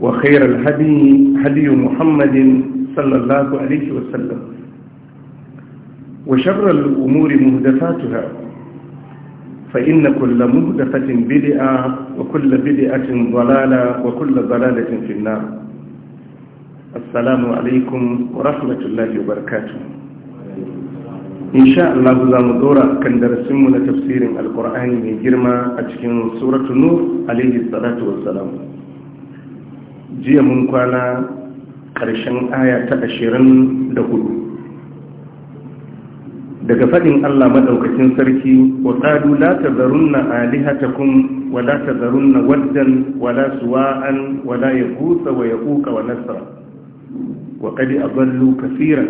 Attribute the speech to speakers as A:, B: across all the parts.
A: وخير الهدي هدي محمد صلى الله عليه وسلم وشر الأمور مهدفاتها فإن كل مهدفة بدئة وكل بدئة ضلالة وكل ضلالة في النار السلام عليكم ورحمة الله وبركاته إن شاء الله زام دورا كان درسمنا تفسير القرآن من جرمى أتكين سورة النور عليه الصلاة والسلام jiya mun kwana ƙarshen aya ta ashirin da hudu daga faɗin Allah maɗaukacin sarki wa ƙadu la ta zarunna alihatakum wa la ta zarunna waddan wa la suwa'an wa la ya kusa wa ya kuka wa nasara wa ƙadi a ballu kafiran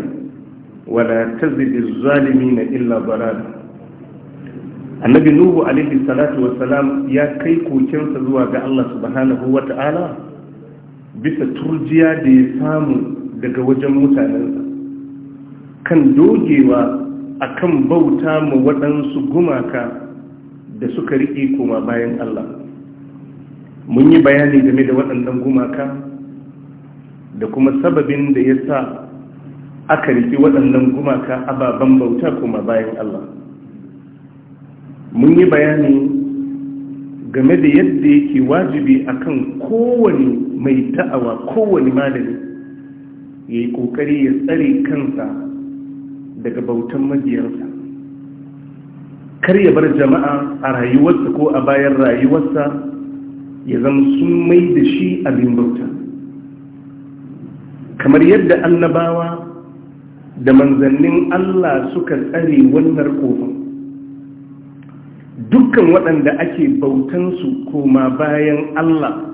A: wa la ta zidi zalimi na illa balada annabi nuhu alaihi salatu Salam ya kai kokensa zuwa ga Allah subhanahu wa ta'ala bisa turjiya da ya samu daga wajen mutanensa kan dogewa a kan bauta ma waɗansu gumaka da suka riƙe koma bayan Allah mun yi bayani game da waɗannan gumaka da kuma sababin da ya sa aka riƙe waɗannan gumaka ababen bauta koma bayan Allah mun yi bayani game da yadda yake wajibi akan kowane mai ta'awa kowane malami ya yi kokari ya tsare kansa daga bautan majiyarsa kar ya bar jama'a a rayuwarsa ko a bayan rayuwarsa ya zama sun mai da shi abin bauta kamar yadda annabawa da manzannin allah suka tsare wannan kofin dukkan waɗanda ake bautansu koma bayan Allah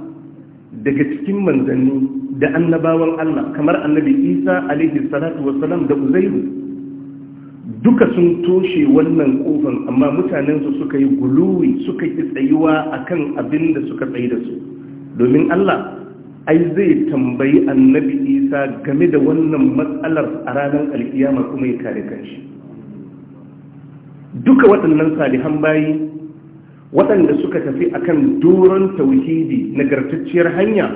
A: daga cikin manzanni da annabawan Allah kamar annabi Isa alaihi salatu Wasalam da Uzairu duka sun toshe wannan kofan amma mutanensu suka yi guluwi suka yi tsayuwa akan abin da suka tsaye da su domin Allah ai zai tambayi annabi isa game da wannan matsalar a ranar alkiyama kuma ya kare kanshi duka waɗannan salihan bayi waɗanda suka tafi akan doron tauhidi nagartacciyar hanya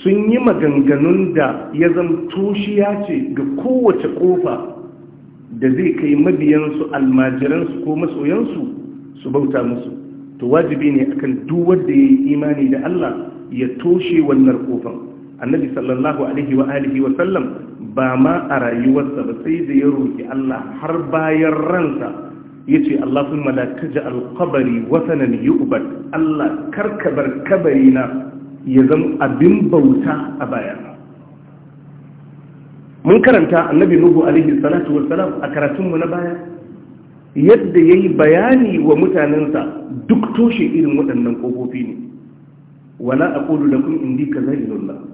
A: sun yi maganganun da ya zama ya ce ga kowace ƙofa da zai kai mabiyansu almajiransu ko masoyansu su bauta musu to wajibi ne akan duk wanda ya yi imani da Allah ya toshe wannan kofan annabi sallallahu alaihi wa alihi wa sallam ba ma a rayuwarsa ba sai da ya roƙi Allah har bayan ransa ya ce Allahumma la taja alkabari yi yu'bad Allah karkabar kabari na ya zama abin bauta a bayan mun karanta annabi nuhu alaihi salatu wassalam a karatunmu na baya yadda ya yi bayani wa mutanensa duk toshe irin waɗannan ƙofofi ne wala aqulu lakum indi kaza illallah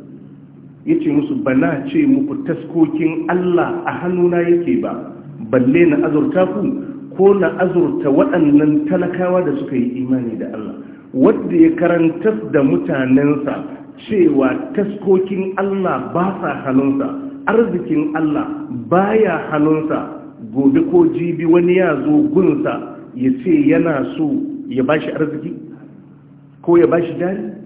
A: ya ce musu ba ce muku taskokin Allah a hannuna yake ba balle na azurta ku ko na azurta waɗannan talakawa da suka yi imani da Allah wadda ya karantar da mutanensa cewa taskokin Allah ba sa hannunsa arzikin Allah ba ya hannunsa gobe ko jibi wani ya zo gunsa ya ce yana so ya ba shi arziki ko ya ba shi dari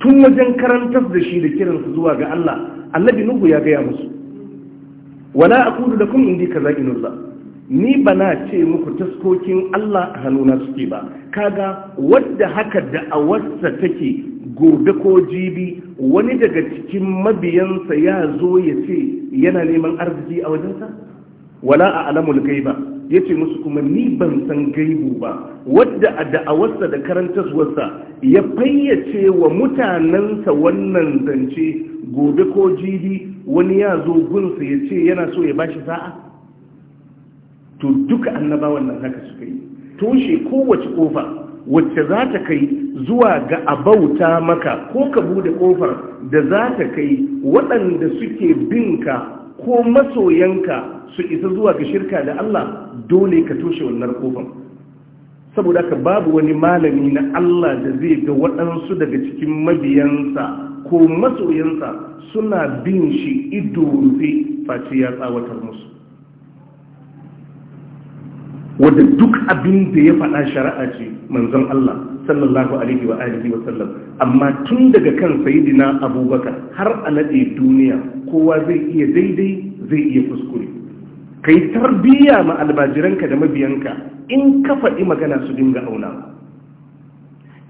A: tun wajen karantar da shi da kiransu zuwa ga Allah annabi nuhu ya gaya musu wala aqulu lakum indi kaza inulla ni bana ce muku taskokin Allah a hannuna suke ba kaga wadda haka da a awarsa take gobe ko jibi wani daga cikin mabiyansa ya zo ya ce yana neman arziki a wajensa wala a alamul gaiba ya ce musu kuma ni ban san gaibu ba wadda a da'awarsa da karantarwarsa ya fayyace wa mutanensa wannan zance gobe ko jibi wani ya zo gunsa ya ce yana so ya bashi sa'a to duka annabawan nan haka suka yi toshe kowace kofa wacce za ta kai zuwa ga abauta maka ko ka bude kofar da za ta kai waɗanda suke binka ko masoyanka su isa zuwa ga shirka da Allah dole ka toshe wannan kofar saboda ka babu wani malami na Allah da zai ga waɗansu daga cikin mabiyansa ko masoyansa suna bin shi ido rufe face ya tsawatar musu wadda duk abin da ya faɗa shari'a ce manzon Allah sallallahu alaihi wa alihi wa sallam amma tun daga kan saidina abubakar har a nade duniya kowa zai iya daidai zai iya kuskure kai tarbiyya ma albajiranka da mabiyanka in ka faɗi magana su dinga auna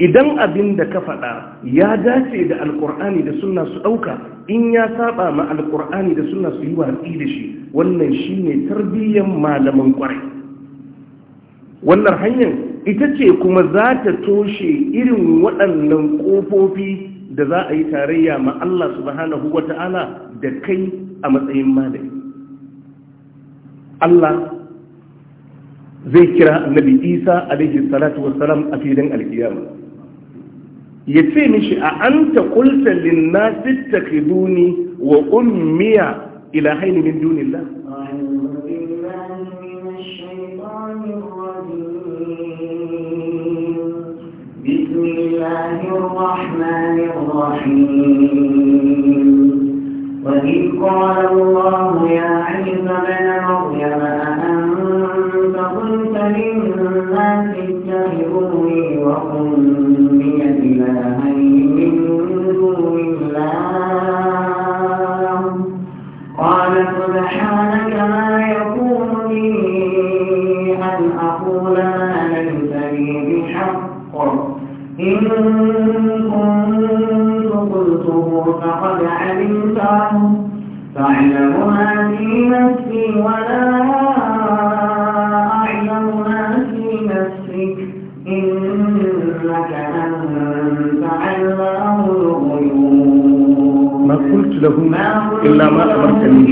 A: idan abin da ka faɗa ya dace da alkur'ani da sunna su ɗauka in ya saba ma alkur'ani da sunna su yi watsi da shi wannan shine tarbiyyan malaman kwarai wannan hanyar ita ce kuma za ta toshe irin waɗannan ƙofofi da za a yi tarayya ma Allah subhanahu wa ta'ala da kai a matsayin malami Allah zai kira Nabi Isa alaihi salatu wassalam a filin alkiyama ya ce mishi a anta qulta lin-nasi wa ummiya ilahaini min dunillah
B: الله الرحمن الرحيم وإذ قال الله يا عيسى بن مريم أأنت قلت للناس اتخذوني وأمي إلهين من دون الله قال سبحانك ما يكون لي أن أقول ما إن كنت قلته فقد علمته تعلم ما في نفسي ولا أعلم ما في نفسك إنك أنت علام الغيوب ما قلت لهم إلا ما أمرتني به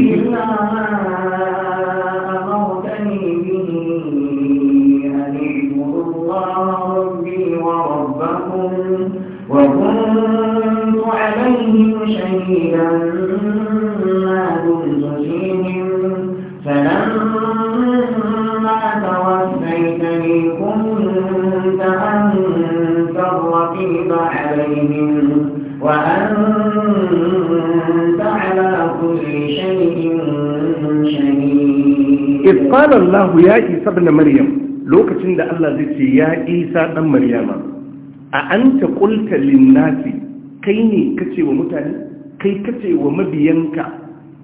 B: فلما كنت أنت
A: عليهم
B: وأنت على كل شيء شهيد إذ قال
A: الله يا عيسى ابن مريم لو da Allah الله ce يا isa ابن مريم أأنت قلت للناس كيني كتي kai kai kace wa mabiyanka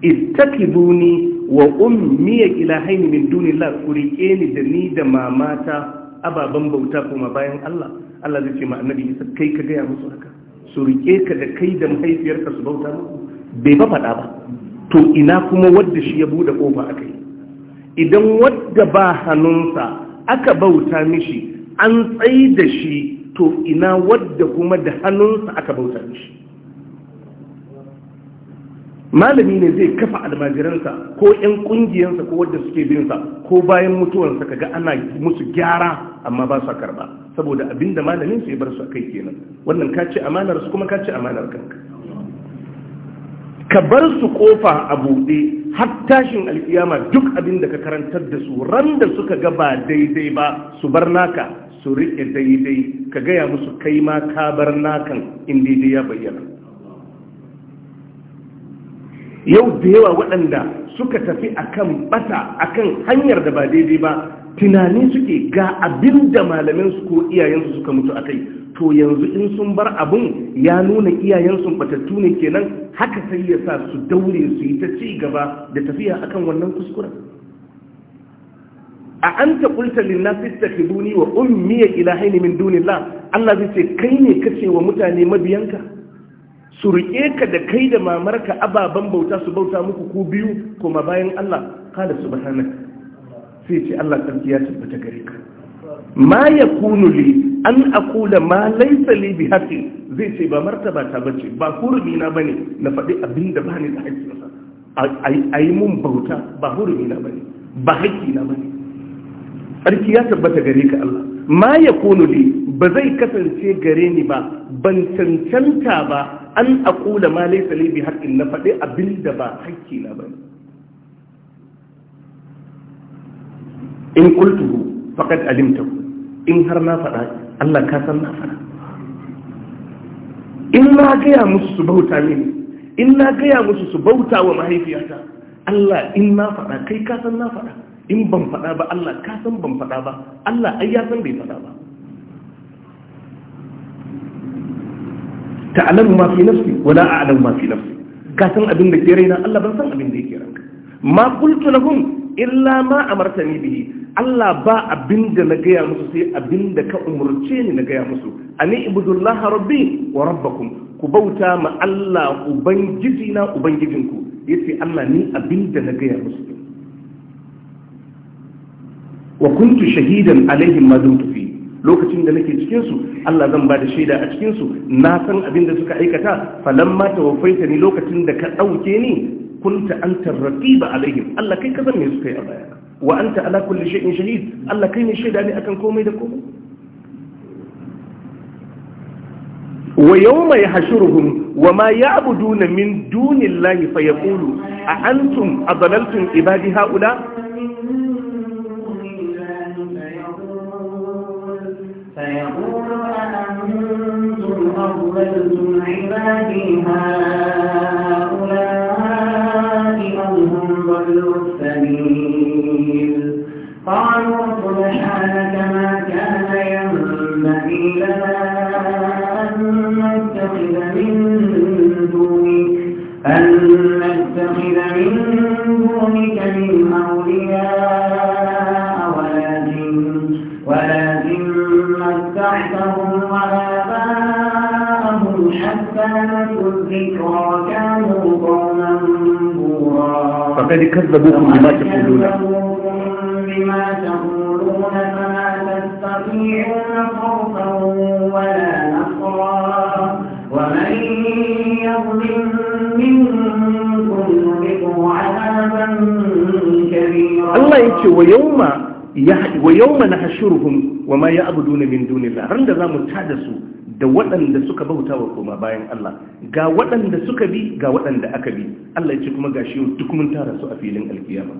A: ittakiduni wa ummiya ilahaini min dunillah kurike ni da ni da mamata ababan bauta kuma bayan Allah Allah zai ce ma annabi Isa kai ka gaya musu haka su rike ka da kai da mahaifiyarka su bauta muku bai ba faɗa ba to ina kuma wadda shi ya bude kofa akai idan wadda ba hannunsa aka bauta mishi an tsai da shi to ina wadda kuma da hannunsa aka bauta mishi malami ne zai kafa almajiransa ko 'yan ƙungiyarsa ko wadda suke binsa ko bayan mutuwarsa kaga ana musu gyara amma ba sa karba saboda abinda malamin su ya bar su a kai kenan wannan ka ce amanar su kuma ka ce amanar kanka ka bar su kofa a buɗe har tashin alkiyama duk abinda ka karantar da su ran da suka ga ba daidai ba su bar naka su riƙe daidai ka gaya musu kai ma ka bar nakan in daidai ya bayyana yau da yawa waɗanda suka tafi akan bata akan hanyar da ba daidai ba tunani suke ga abin da malaminsu ko iyayensu suka mutu a kai to yanzu in sun bar abin ya nuna iyayensu batattu ne kenan haka sai ya sa su daure su yi ta ci gaba da tafiya akan wannan kuskuren a an ta kulta linnasi ta wa ummiya ilahaini min duniya Allah zai ce kai ne kace wa mutane mabiyanka su riƙe ka da kai da mamarka ababen bauta su bauta muku ko biyu kuma bayan Allah kada su nan sai ce Allah sarki ya tabbata gare ka ma ya kunu li an akula ma laisa li bi haqqi zai ce ba martaba ta bace ba hurumi na bane na faɗi abin da bani da haƙƙi a yi mun bauta ba hurumi na bane ba haƙƙi na bane sarki ya tabbata gare ka Allah ma ya kunu li ba zai kasance gare ni ba ban cancanta ba an akula ma laisa bi haƙƙin na faɗi abin da ba haƙƙi na ba in kultuhu faqad alimta in har na faɗa Allah ka san na faɗa in na gaya musu su bauta mini in na gaya musu su bauta wa mahaifiyata Allah in na faɗa kai ka san na faɗa in ban faɗa ba Allah ka san ban faɗa ba Allah ai ya san bai faɗa ba ta'lamu ma fi nafsi wa la a'lamu ma fi nafsi ka san abin da ke raina Allah ban san abin da yake ranka ma qultu lahum illa ma amartani bihi Allah ba abin da na gaya musu sai abin da ka umurce ni na gaya musu ani ibudullah rabbi wa rabbakum ku bauta ma Allah ubangiji na ubangijinku yace Allah ni abin da na gaya musu wa kuntu shahidan alaihim ma dumtu fi lokacin da nake cikinsu, Allah zan ba da shaida a cikinsu. na san abin da suka aikata falamma tawaffaita ni lokacin da ka dauke ni kunta antar raqiba alaihim Allah kai ka san me suka yi a baya wa anta ala kulli shay'in shahid Allah kai ne shaida ne akan komai da komai wa yawma yahshuruhum wa ma ya'buduna min dunillahi fayaqulu a antum adlaltum ibadi haula
B: فيقول أأنتم أضللتم عبادي هؤلاء أم هم ضلوا السبيل قالوا سبحانك ما كان ينبغي لنا كذبوكم بما تقولون
A: wa yawma nahshuruhum wa ma ya'buduna min dunillah ran da zamu tada su da waɗanda suka bauta wa koma bayan Allah ga waɗanda suka bi ga waɗanda aka bi Allah ya ce kuma gashi duk mun tara su a filin alkiyama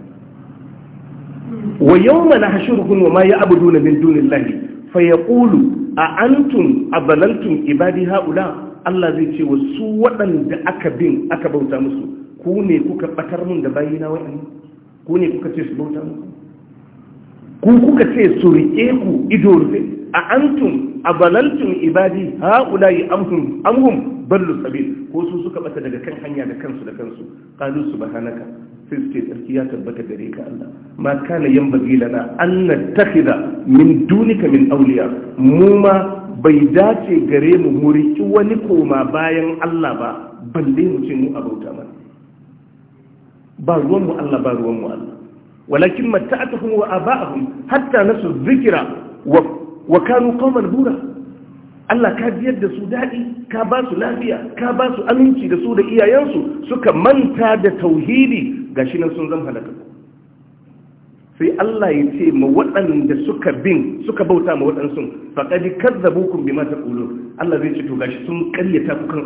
A: wa yawma nahshuruhum wa ma ya'buduna min dunillahi fayaqulu a antum abalantum ibadi haula Allah zai ce wa su waɗanda aka bin aka bauta musu ku ne kuka batar mun da bayina wa'annan ku ne kuka ce su bauta musu ku kuka ce su riƙe ku ido rufe a antum a balaltum ibadi ula yi amhum ballu sabil ko su suka bata daga kan hanya da kansu da kansu su ba hanaka sai suke tsarki ya tabbata gare ka Allah ma kana yanbaghi lana an nattakhidha min dunika min auliya mu ma bai dace gare mu mu riki wani koma bayan Allah ba balle mu ce mu abauta mana ba ruwan mu Allah ba ruwanmu mu Allah walakin matta'atuhum wa aba'ahum hatta nasu dhikra wa wa kanu bura Allah ka biyar da su daɗi ka ba su lafiya ka ba su aminci da su da iyayensu suka manta da tauhidi shi nan sun zama halaka sai Allah ya ce ma waɗanda suka bin suka bauta ma waɗansu faƙadi kazzabukum ta taqulun Allah zai ce to gashi sun ƙaryata ku kan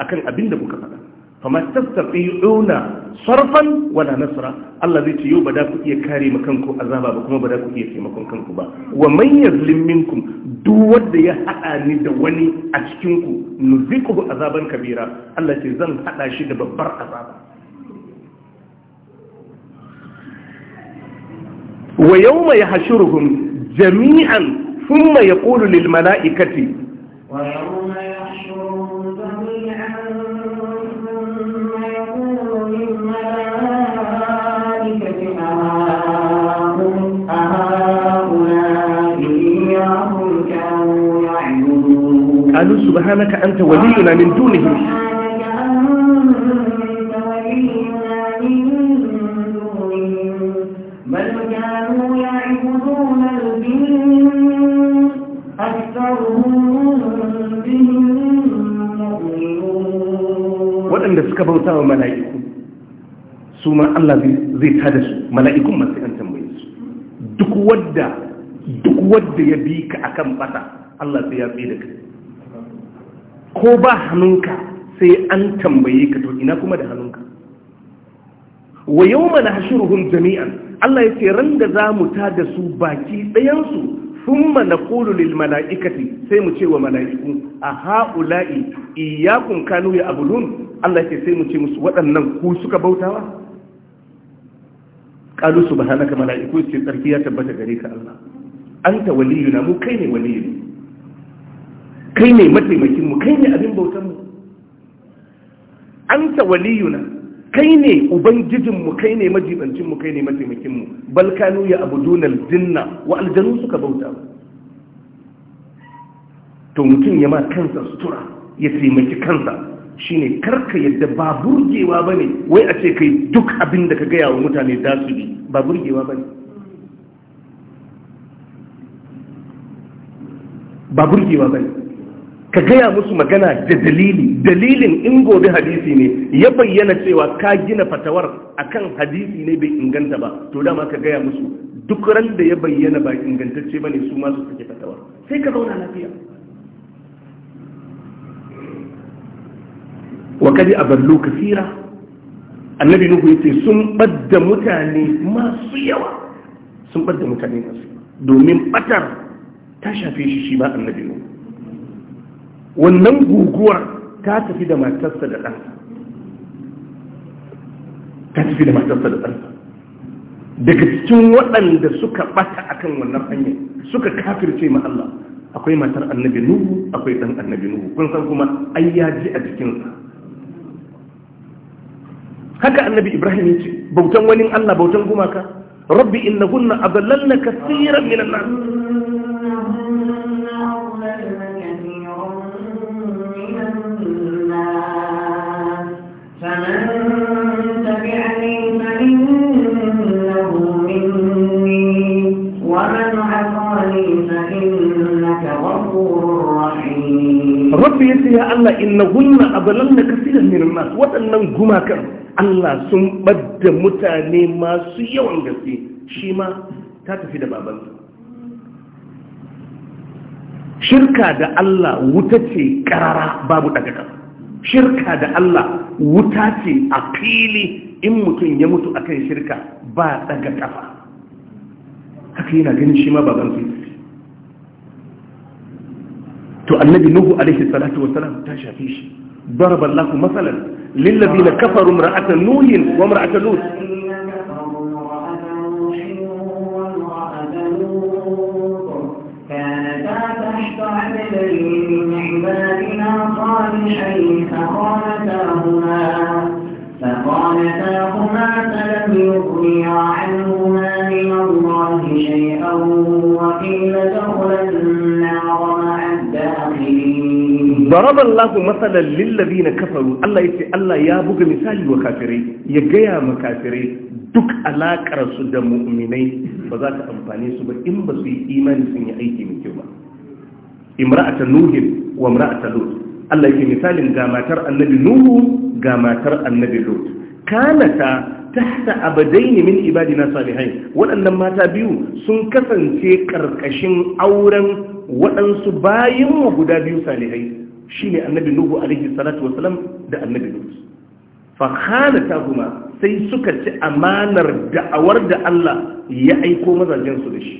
A: akan abin da kuka faɗa fama tastafi'una sarfan wala nasra Allah zai ce yau ba da ku iya kare ma kanku azaba ba kuma ba da ku iya taimakon kanku ba wa man yazlim minkum duk wanda ya haɗa ni da wani a cikin ku nuziquhu azaban kabira Allah ce zan haɗa shi da babbar azaba wa yawma yahshuruhum jami'an thumma yaqulu lil mala'ikati
B: wa yawma قالوا سبحانك
A: أنت ولينا من دونهم
B: بل كانوا يعبدون الجن waɗanda
A: suka bauta wa mala'iku su ma Allah zai tada su mala'ikun masu ‘yan tambaye su duk wadda duk wadda ya bi ka akan bata Allah sai ya tsaye da kai ko ba hannunka sai an tambaye ka to ina kuma da hannunka wa yau mana hashiruhun jami'an Allah ya ce ran da za mu ta da su baki ɗayansu sun mana lil mala'ikati sai mu ce wa mala'iku a ha'ula'i iyakun kanu ya abulun Allah ya ce sai mu ce musu waɗannan ku suka bautawa kalu subhanaka mala'iku ce tsarki ya tabbata gare ka Allah anta waliyuna mu kai ne waliyuna kai ne mataimakinmu kai ne abin bautanmu an ta waliyuna kai ne ubangijinmu kai ne majibancinmu kai ne mataimakinmu balkanu ya abu dunar dinna wa aljanu suka bauta to mutum ya ma kansa sutura ya taimaki kansa shine karka yadda ba burgewa ba ne wai a ce kai duk abin da ka gaya wa mutane za su bi ba burgewa ba ba burgewa ba ka gaya musu magana da dalili dalilin in gobe hadisi ne ya bayyana cewa ka gina fatawar akan hadisi ne bai inganta ba to dama ka gaya musu duk ran da ya bayyana ba ingantacce ba ne su masu suke fatawar sai ka zauna lafiya wa kadi aballu kasira annabi nuhu ce sun badda mutane
B: masu yawa
A: sun badda mutane masu domin batar ta shafe shi shi ba annabi nuhu wannan guguwar ta tafi da matarsa da ɗansa ta tafi da matarsa da ɗan daga cikin waɗanda suka ɓata akan wannan hanyar suka kafirce ma Allah akwai matar annabi nuhu akwai ɗan annabi nuhu kun san kuma an yaji a jikinsa haka annabi ibrahim ya ce bautan wani Allah bautan gumaka rabbi innahunna adallalna kaseeran minan nas ya Allah inna hunna abalanna kasiran min nas waɗannan gumakan Allah sun badda mutane masu yawan gaske shi ma ta tafi da babansa shirka da Allah wuta ce ƙarara babu daga shirka da Allah wuta ce a fili in mutum ya mutu akan shirka ba daga kafa haka yana ganin shi ma babansa to annabi nuhu alaihi salatu wassalam ta shafe shi ضرب الله مثلا للذين كفروا امرأة نوح وامرأة لوط
B: فقالتاهما فلم يغنيا عنهما من الله شيئا وقيل دخلا
A: ضرب الله مثلا للذين كفروا الله ya buga يا بوغ مثالي وكافري يا غيا مكافري duk alaƙarsu su da minai ba za ta amfane su ba in ba su yi imani sun yi aiki mai kyau ba imra'ata nuhin wa imra'ata lut Allah yake misalin ga matar annabi nuhu ga matar annabi lut kanata tahta abadaini ibadina salihai waɗannan mata biyu sun kasance ƙarƙashin auren waɗansu bayan mu guda biyu salihai ne annabi nuhu alaihi salatu wasalam da annabi nuhu fa kuma sai suka ci amanar da'awar da Allah ya aiko mazajensu da shi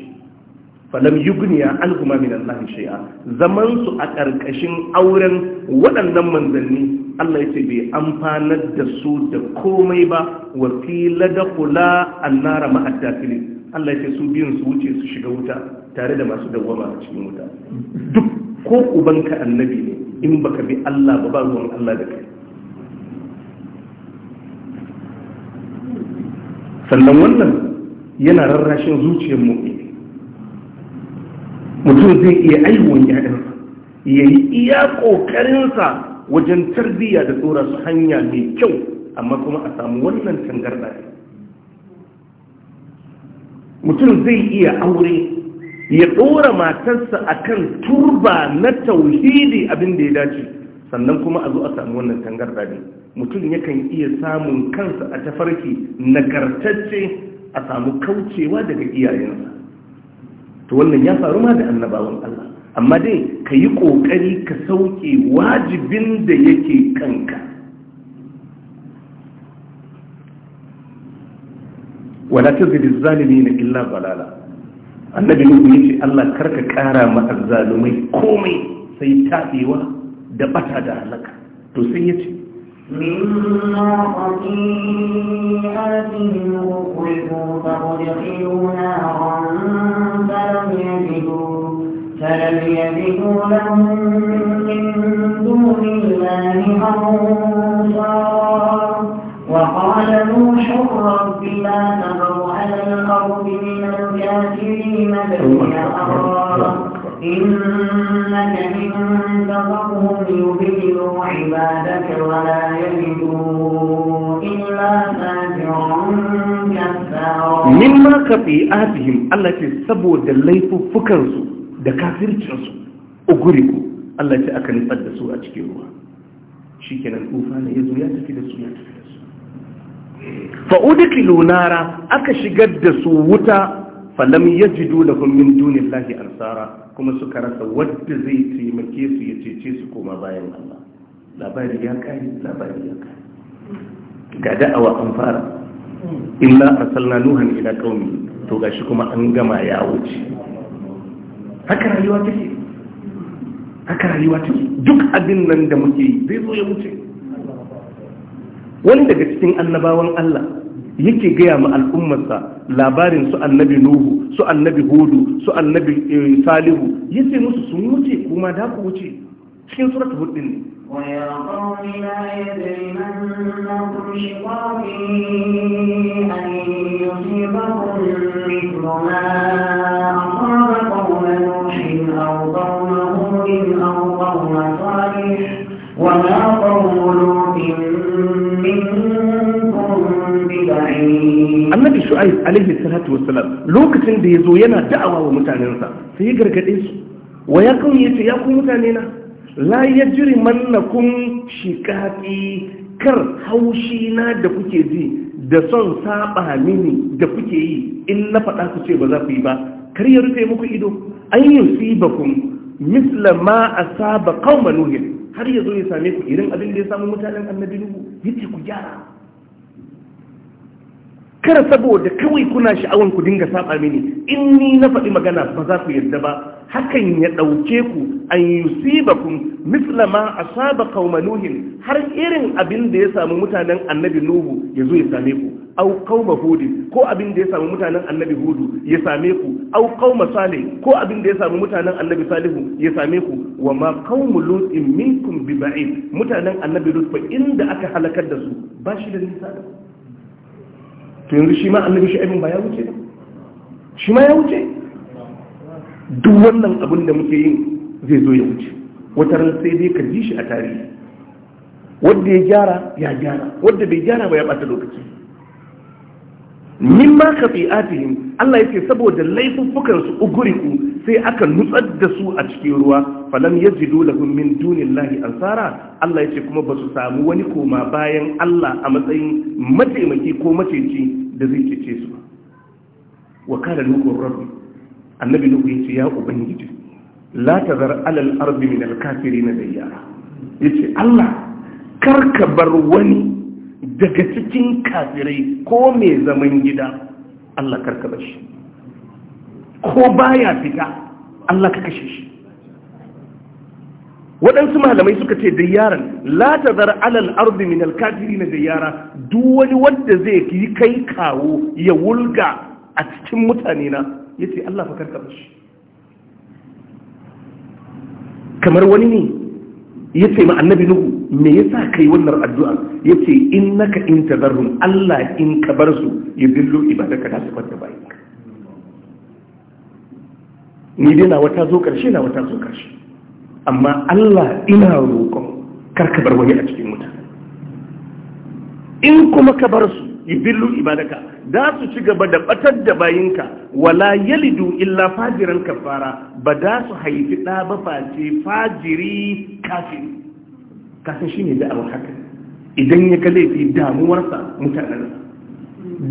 A: falam yugniya alhuma min Allah shay'a zaman su a ƙarƙashin auren waɗannan manzanni Allah yace bai amfanar da su da komai ba wa qila dakhula annara ma'a dakilin Allah ce su biyan su wuce su shiga wuta tare da masu dawwama a cikin wuta duk ko ubanka annabi ne in baka bi Allah ba ba ruwan Allah da kai sannan wannan yana rarrashin zuciyar mu. mutum zai iya aiwon ya'yansa ya yi iya ƙoƙarinsa wajen tarbiyya da tsora su hanya mai kyau amma kuma a samu wannan tangarɗa mutum zai iya aure ya ɗora matarsa a kan turba na tauhidi abin da ya dace sannan kuma a zo a samu wannan tangarda ne mutum yakan iya samun kansa a tafarki nagartacce a samu kaucewa daga iyayensa to wannan ya faru ma da annabawan Allah amma dai ka yi ƙoƙari ka sauke wajibin da yake kanka wadatar da zalimi na illa balala annabi nuhu ya ce Allah karka kara ma azzalumai komai sai tabewa da bata da halaka to ان ya ce
B: مما فلم فلم لهم من دون الله وقال نوح رب لا تغفر الخوفين والكافرين بين
A: ka fi abihim Allah ce saboda laifuffukansu da kafircinsu, ku, Allah ce aka nufar da su a cikin ruwa, shi ke nan tsufa ya zo ya tafi da su ya tafi fa'udikilu nara aka shigar da su wuta falam yajidu lahum min lahi ansara kuma suka rasa wadda zai taimake su ya cece su koma bayan Allah labari ya kai labari ya kai ga da'awa an fara illa asalna nuhan ila qaumi to gashi kuma an gama ya wuce haka rayuwa take haka rayuwa take duk abin nan da muke yi zai zo ya wuce wani daga cikin annabawan Allah yake gaya ma al'ummarsa labarin su annabi nuhu su annabi hudu su annabi eh, salihu yace musu sun wuce kuma da ku wuce cikin suratul hud ne
B: ويا قوم لا يجرمنكم شقاقي أن يصيبكم مثل ما أصاب قوم نوح أو قوم هود أو قوم صالح وما قوم لوط
A: Annabi Shu'aib salatu wassalam lokacin da ya zo yana da'awa wa mutanensa sai ya gargaɗe su wa ya kan yace ya ku mutane na la yajri mannakum shiqaqi kar haushi na da kuke ji da son saba mini da kuke yi in na faɗa ku ce ba za ku yi ba kar ya rufe muku ido an Mislama misla ma asaba qauma nuhin har ya zo ya same ku irin abin da ya samu mutanen annabi nuhu ce ku gyara kar saboda kawai kuna sha'awan ku dinga saba mini in ni na faɗi magana ba za ku yarda ba hakan ya ɗauke ku an yi yusibakum misla ma a saba nuhin har irin abin da ya samu mutanen annabi nuhu ya zo ya same ku au kauma hud ko abin da ya samu mutanen annabi hudu ya same ku au kauma salih ko abin da ya samu mutanen annabi salihu ya same ku wa ma kaumu lutin minkum bi ba'id mutanen annabi lut inda aka halakar da su ba shi da nisa da to yanzu shi ma annabi shi abin ba ya wuce shi ma ya wuce duk wannan abin da muke yin zai zo ya wuce wata ran sai dai ka ji shi a tarihi wanda ya gyara ya gyara wanda bai gyara ba ya bata lokaci min ma khafi'atihim Allah yake saboda laifuffukan su uguriku sai aka nutsar da su a cikin ruwa falam yajidu lahum min dunillahi ansara Allah yake kuma basu samu wani koma bayan Allah a matsayin mataimaki ko mataici da zai cece su wa kana nukur rabbi annabi nuku yace ya ubangiji la tazar alal ardi min al-kafirin dayyara yace Allah karka bar wani daga cikin kafirai ko mai zaman gida Allah karkaba shi ko baya fita Allah ka kashe shi waɗansu malamai suka ce da yaran lata zar alal arzi min alkafiri na da yara duk wani wanda zai yi kai kawo ya wulga a cikin mutane na ya ce Allah fa karkaba shi kamar wani ne ya ce ma annabi nuhu me yasa kai wannan addu'a yace innaka in tadarrum Allah in ka bar su yudillu ibadaka da su kwanta bayin ni dai na wata zo karshe na wata zo karshe amma Allah ina roƙon kar ka bar wani a cikin mutane in kuma ka bar su yubillu ibadaka da su ci gaba da batar da bayinka wala yalidu illa fajiran kafara ba da su haifi ɗa ba face fajiri kafiri kasan shi ne da'awar haka idan ya kalle fi damuwarsa mutanen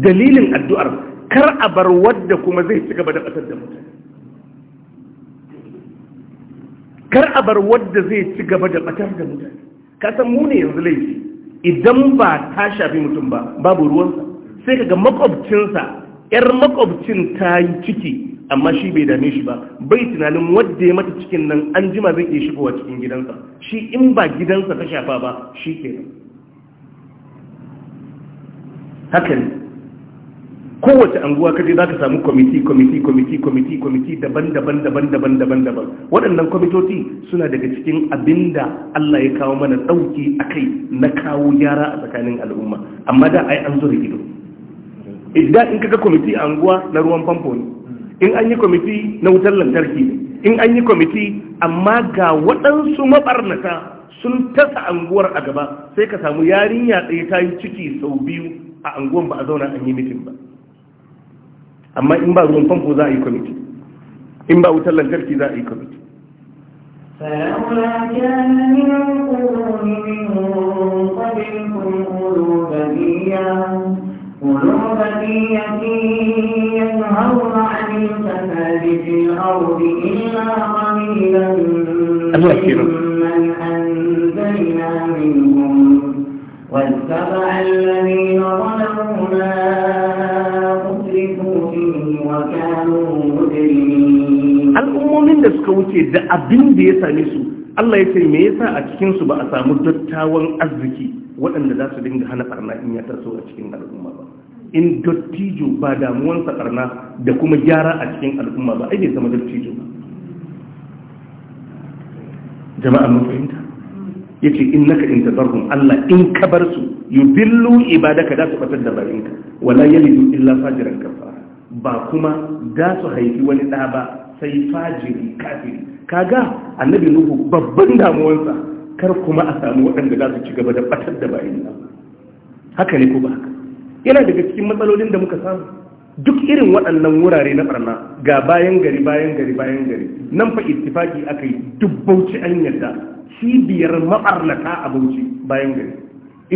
A: dalilin addu'ar kar a bar wadda kuma zai ci gaba da batar da mutane kar a bar wadda zai ci gaba da batar da mutane kasan mu ne yanzu laifi idan ba ta shafi mutum ba babu ruwansa sai kaga makwabcinsa yar makwabcin ta yi ciki amma shi bai dame shi ba bai tunanin wadda ya mata cikin nan an jima zai iya shigowa cikin gidansa shi in ba gidansa ta shafa ba shi ke nan Hakan kowace anguwa kaje za ka samu kwamiti kwamiti kwamiti kwamiti kwamiti daban-daban daban-daban daban-daban waɗannan kwamitoci suna daga cikin abin da allah ya kawo mana ɗauki a kai na kawo gyara a tsakanin al'umma amma da ai an zo da ido idan in kaga kwamiti a anguwa na ruwan famfo ne in an yi kwamiti na wutar lantarki ne in an yi kwamiti amma ga waɗansu maɓarnata sun tasa anguwar a gaba sai ka samu yarinya ɗaya ta yi ciki sau biyu a anguwan ba a zauna an yi mitin ba amma in ba ruwan famfo za a yi kwamiti in ba wutar lantarki za a yi kwamiti
B: فلولا كان من القرون من قبلكم أولو بنيا قلوبا ينهون عن الفساد في الأرض إلا قليلا ممن أنزلنا منهم واتبع الذين ظلموا
A: ما أتركوا فيه وكانوا مجرمين Al'ummomin da suka wuce da abin da ya same su Allah ya ce me yasa a cikinsu ba a samu dattawan arziki waɗanda za su dinga hana barna in ya taso a cikin al'umma in dottijo ba damuwansa karna da kuma gyara a cikin al'umma ba ai zama dottijo ba jama'a mun fahimta Ya ce in tadarrum Allah in ka bar su billu ibadaka da su batar da bayinka wala yali yalidu illa fajiran kafa ba kuma da su haifi wani ɗa ba sai fajiri kafiri kaga annabi nuhu babban damuwansa kar kuma a samu waɗanda za su ci gaba da batar da bayin haka ne ko ba haka yana daga cikin matsalolin da muka samu duk irin waɗannan wurare na ɓarna ga bayan gari bayan gari bayan gari nan fa ittifaki aka yi duk bauchi an yadda cibiyar maɓarnata a bauchi bayan gari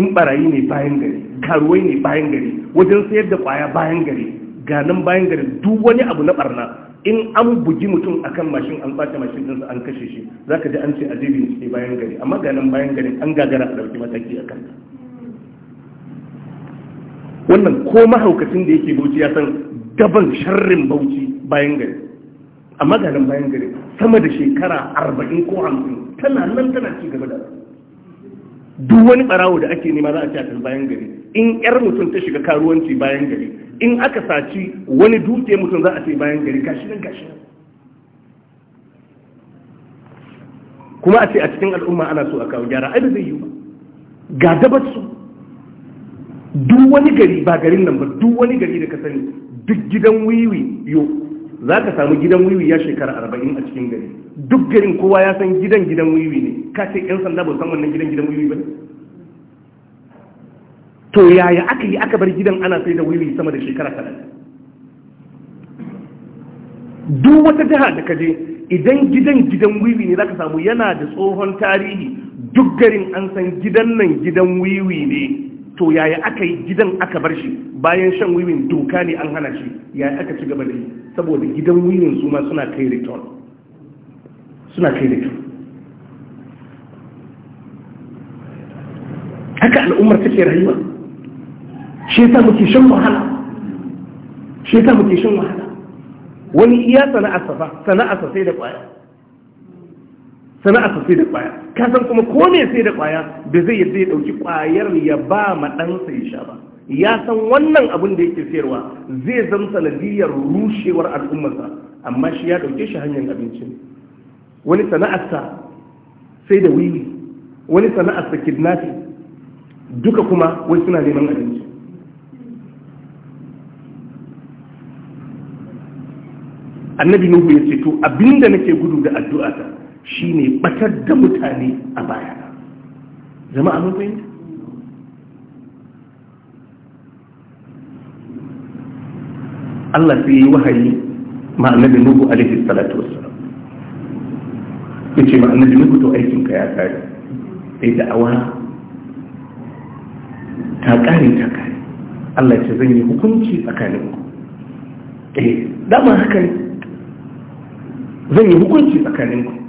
A: in ɓarayi ne bayan gari karuwai ne bayan gari wajen sayar da ƙwaya bayan gari ga nan bayan gari duk wani abu na ɓarna, in an bugi mutum akan mashin an ɓata mashin ɗinsa an kashe shi za ka ji an ce a je bincike bayan gari amma ga nan bayan gari an gagara a ɗauki mataki a kanta wannan ko mahaukacin da yake bauchi ya san gaban sharrin bauchi bayan gari a maganin bayan gari sama da shekara arba'in ko hamsin tana nan tana ci gaba da duk wani barawo da ake nema za a ci bayan gari in yar mutum ta shiga karuwanci bayan gari in aka saci wani dutse mutum za a ce bayan gari gashi nan gashi nan kuma a ce a cikin al'umma ana so a kawo gyara ai ba zai yi ba ga dabar su duk wani gari ba garin nan ba duk wani gari da ka sani duk gidan wiwi yo za ka samu gidan wiwi ya shekara arba'in a cikin gari duk garin kowa ya san gidan gidan wiwi ne ka ce yan sanda ba san wannan gidan gidan wiwi ba to yaya aka yi aka bar gidan ana sai da wiwi sama da shekara talatin duk wata jiha da kaje idan gidan gidan wiwi ne za ka samu yana da tsohon tarihi duk garin an san gidan nan gidan wiwi ne to yaya aka yi gidan aka bar shi bayan shan wiwin doka ne an hana shi yaya aka ci gaba da yi saboda gidan wiwin su ma suna kai return suna kai return haka al'ummar take rayuwa shi ta muke shan wahala shi ta muke shan wahala wani iya sana'a fa sana'a sai da kwaya sana'arsa sai da kwaya ka san kuma ko ne sai da kwaya da zai yadda ya dauki kwayar ya ba ma ɗansa ya sha ba ya san wannan abin da yake sayarwa zai zama sanadiyar rushewar al'ummarsa amma shi ya dauke shi hanyar abincin wani sana'arsa sai da wiwi wani sana'arsa kidnafi duka kuma wai suna neman abinci annabi nuhu ya ce to abinda nake gudu da addu'ata Shi ne batar da mutane a baya a mun fahimta Allah fi yi wahayi ma annabi Nuhu alaihi salatu ya ce ma'ana da Nuhu to aikin ka ya kare sai da'awa ta kare ta kare Allah ce zan yi hukunci tsakanin ku eh dama haka ne zan yi hukunci tsakanin ku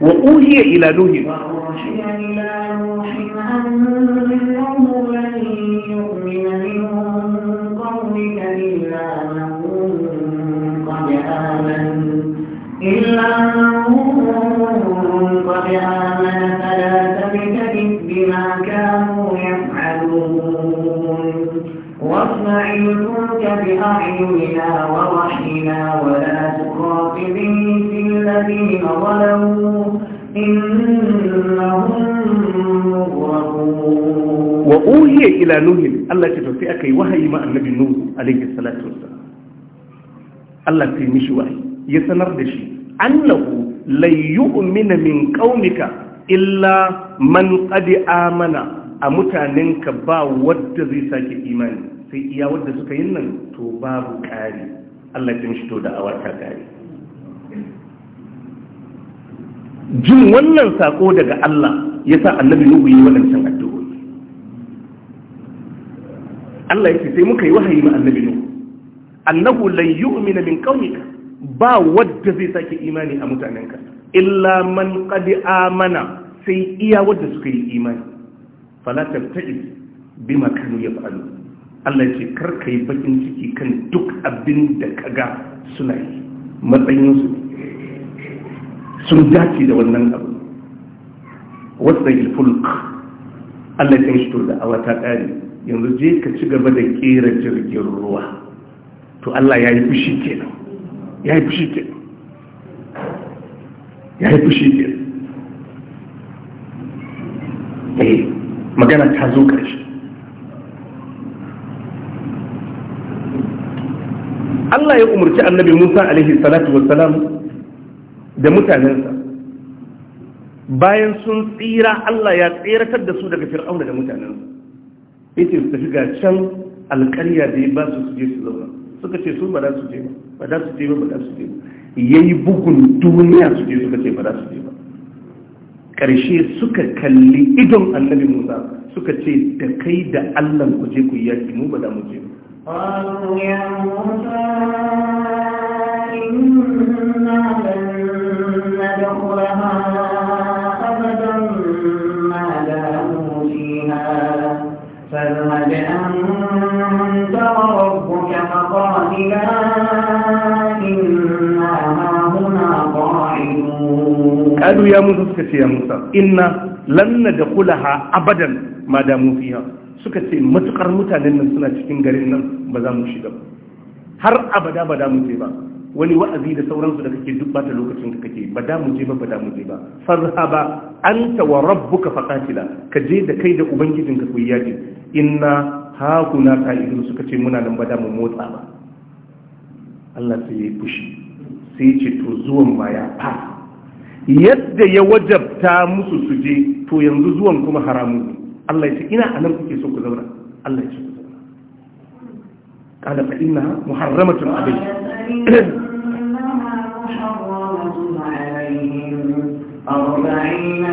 A: wa uhiya ila nuhi
B: إلا من قد آمن واصنع الفلك باعيننا ووحينا ولا تخاطبني في الذين ظلموا وأوهي
A: إلى نوح الله أكي وهي ما النبي نوح عليه الصلاة والسلام الله في مشوه يسنر أنه لن يؤمن من قومك إلا من قد آمن a mutanenka ba wadda zai sake imani sai iya wadda suka yin nan to babu ƙari Allah ya shi to da awata ƙari jin wannan sako daga Allah ya sa annabi Nuhu yi waɗancan addu'o'i Allah ya ce sai muka yi wahayi ma annabi Nuhu annahu lan yu'mina min qaumika ba wadda zai sake imani a mutanenka illa man qad amana sai iya wadda suka yi imani falatar ta'i bi makanu ya fa'alu Allah ce karka yi bakin ciki kan duk abin da kaga suna yi su sun dace da wannan abu wasu ilfulk Allah ya shi to da awa ta ƙari yanzu je ka ci gaba da ƙera jirgin ruwa to Allah ya yi fushi kenan ya yi fushi kenan ya yi fushi kenan eh. magana ta zo ƙarshe Allah ya umarci annabi Musa alaihi salatu wassalam da mutanensa bayan sun tsira Allah ya tseratar da su daga fir'auna da mutanensa yace su tafi ga can alƙarya da ya ba su su je su zauna suka ce su ba za su je ba ba za su je ba ba za su je ba yayi bugun duniya su je suka ce ba za su je ba ƙarshe suka kalli idon annabi musa suka ce da kai da allan ku je ku yi yaki mu ba da mu je
B: فاذهب أنت وربك فقاتلا
A: kalu ya musa suka ce ya musa inna lan kulaha abadan ma damu fiha suka ce matukar mutanen nan suna cikin garin nan ba za mu shiga har abada ba da mu je ba wani wa'azi da sauransu da kake duk bata lokacin da kake ba da mu je ba ba da mu je ba farhaba anta wa rabbuka faqatila ka je da kai da ka ku yaki inna kuna ka'idun suka ce muna nan ba da mu motsa ba Allah sai ya fushi sai ce to zuwan baya fa yadda ya wajabta musu su je to yanzu zuwan kuma haramu Allah ya ce ina anan kuke so ku zauna Allah ya ce ku zauna qala fa inna muharramatun alayhi
B: أربعين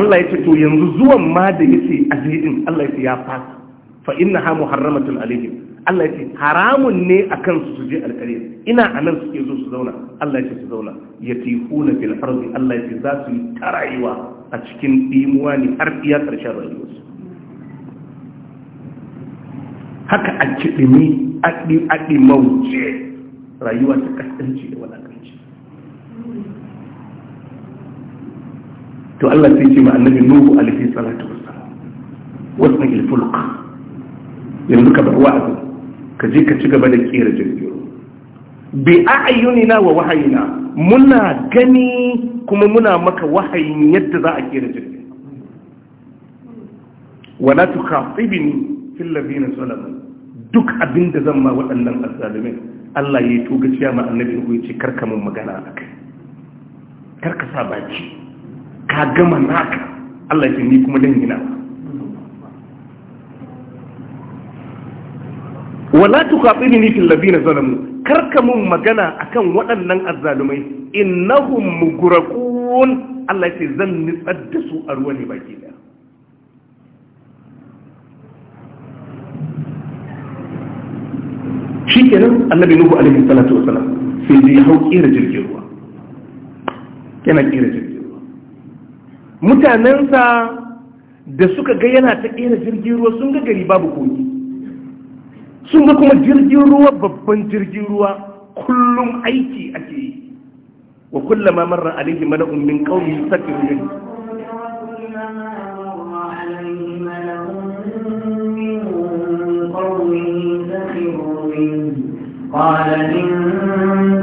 A: Allah ya ce to yanzu zuwan ma da ya ce a din Allah ya ce ya fasa fa inna innaha muharramatun alaihim Allah ya ce haramun ne a kansu su je alkare ina anan suke zo su zauna Allah ya ce su zauna ya tihuna fil ardi Allah ya ce za su yi ta a cikin dimuwa ne har iya ƙarshen rayuwarsu haka a kiɗimi a ɗimauce rayuwa ta kasance da wadatanci to Allah sai ce ma annabi nuhu alaihi salatu wassalam wasna ilfulka yanzu ka bar wa'azi ka je ka ci gaba da kera jirgin ruwa bi na wa wahayina muna gani kuma muna maka wahayin yadda za a kera jirgin wala tukhatibni fil ladina zalamu duk abinda zan ma waɗannan azzalimin Allah yayi to gaciya ma annabi ko yace karka mun magana akai karka sa baki ka gama naka Allah ya ni kuma dan ba wala tukhatibni fil ladina zalamu karka mun magana akan waɗannan azzalumai innahum mugraqun Allah ya ce zan nitsar da su a ruwa ne baki daya shikenan annabi nuhu alaihi salatu wasalam sai dai hau kira jirgin ruwa yana kira jirgin ruwa mutanensa da suka ga yana ta kira jirgin ruwa sun ga gari babu koyi sun ga kuma jirgin ruwa babban jirgin ruwa kullum aiki ake yi wa kulla ma marra alaihi mala'un min qaumi sakiru min
B: قال إن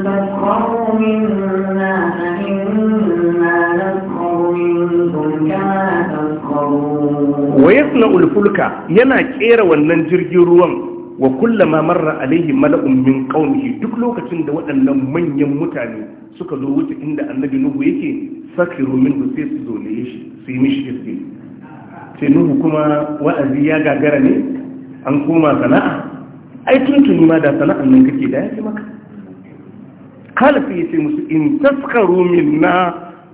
B: تسخروا منا فإنا نسخر منكم كما
A: تسخرون ويصنع الفلك ينا كير وننجر جروان wa kullama marra alaihi mala'un min qaumihi duk lokacin da waɗannan manyan mutane suka zo wuce inda annabi nuhu yake sakiru min sai su zole shi su yi mishi iske sai nuhu kuma wa'azi ya gagara ne an koma sana'a ai tuntuni ma da sana'an nan kake da yake maka kala sai yace musu in taskaru minna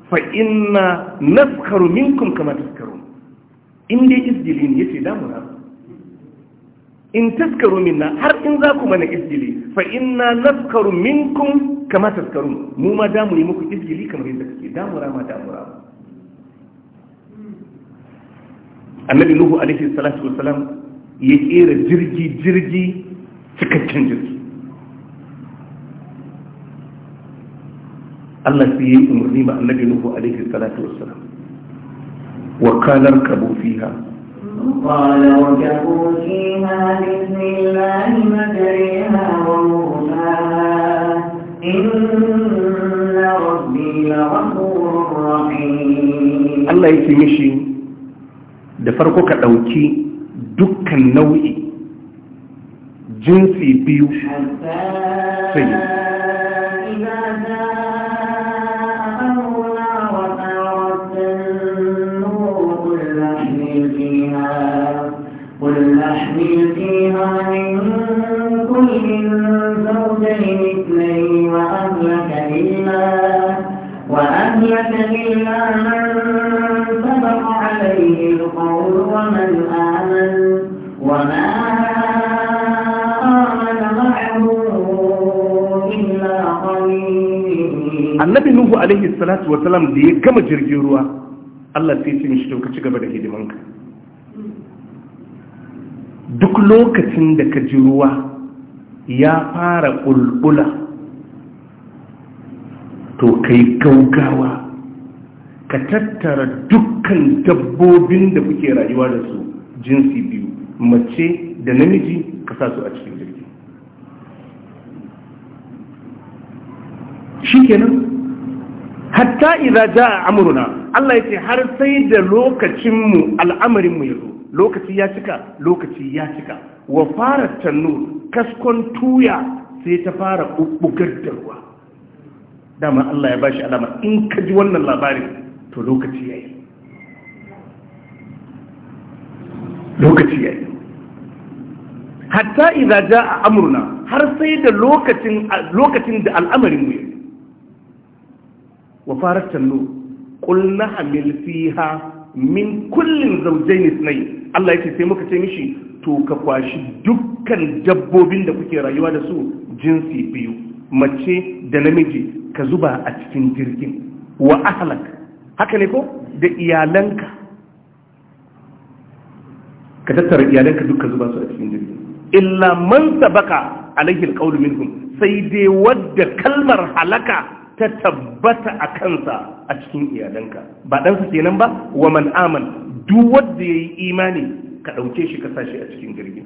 A: fa inna naskaru minkum kama taskarun in dai izgili ne yace da mu in taskaru minna har in za ku mana izgili fa inna naskaru minkum kama taskaru mu ma damu yi muku izgili kamar yadda kake damura ma damura annabi nuhu alaihi salatu wassalam ya kera jirgi jirgi cikakken jirgi Allah sai ya yi umarni ma annabi nuhu alaihi salatu wassalam wa kanar kabu fiha
B: قال وكفوا فيها بسم الله إن ربي لغفور رحيم
A: الله يتمشي da farko ka ɗauki dukkan nau'i jinsi biyu sai annabi nuhu alaihi salatu wa salam da ya gama jirgin ruwa Allah sai ce mishi to ka ci gaba da hidimanka duk lokacin da ka ji ruwa ya fara ƙulƙula to kai gaugawa ka tattara dukkan dabbobin da kuke rayuwa da su jinsi biyu mace da namiji ka sa su a cikin jirgin shikenan hatta idza jaa amruna Allah yace har sai da lokacin mu al'amarin mu yazo lokaci ya cika lokaci ya cika wa fara tannu kaskon tuya sai ta fara bubbugar da ruwa dama Allah ya bashi alama in ka ji wannan labarin to lokaci yayi lokaci yayi hatta idza jaa amruna har sai da lokacin lokacin da al'amarin mu wa farat tallu qul nahmil fiha min kullin zawjayn ithnayn Allah yake sai muka ce mishi to ka kwashi dukkan dabbobin da kuke rayuwa da su jinsi biyu mace da namiji ka zuba a cikin jirgin wa ahlak haka ne ko da iyalanka ka tattara iyalanka dukkan zuba su a cikin jirgin illa man sabaka alaihi alqawlu minhum sai dai wadda kalmar halaka ta tabbata a kansa a cikin iyalanka ba ɗansa kenan ba wa man aman duk wanda yayi imani ka ɗauke shi ka sashi a cikin jirgin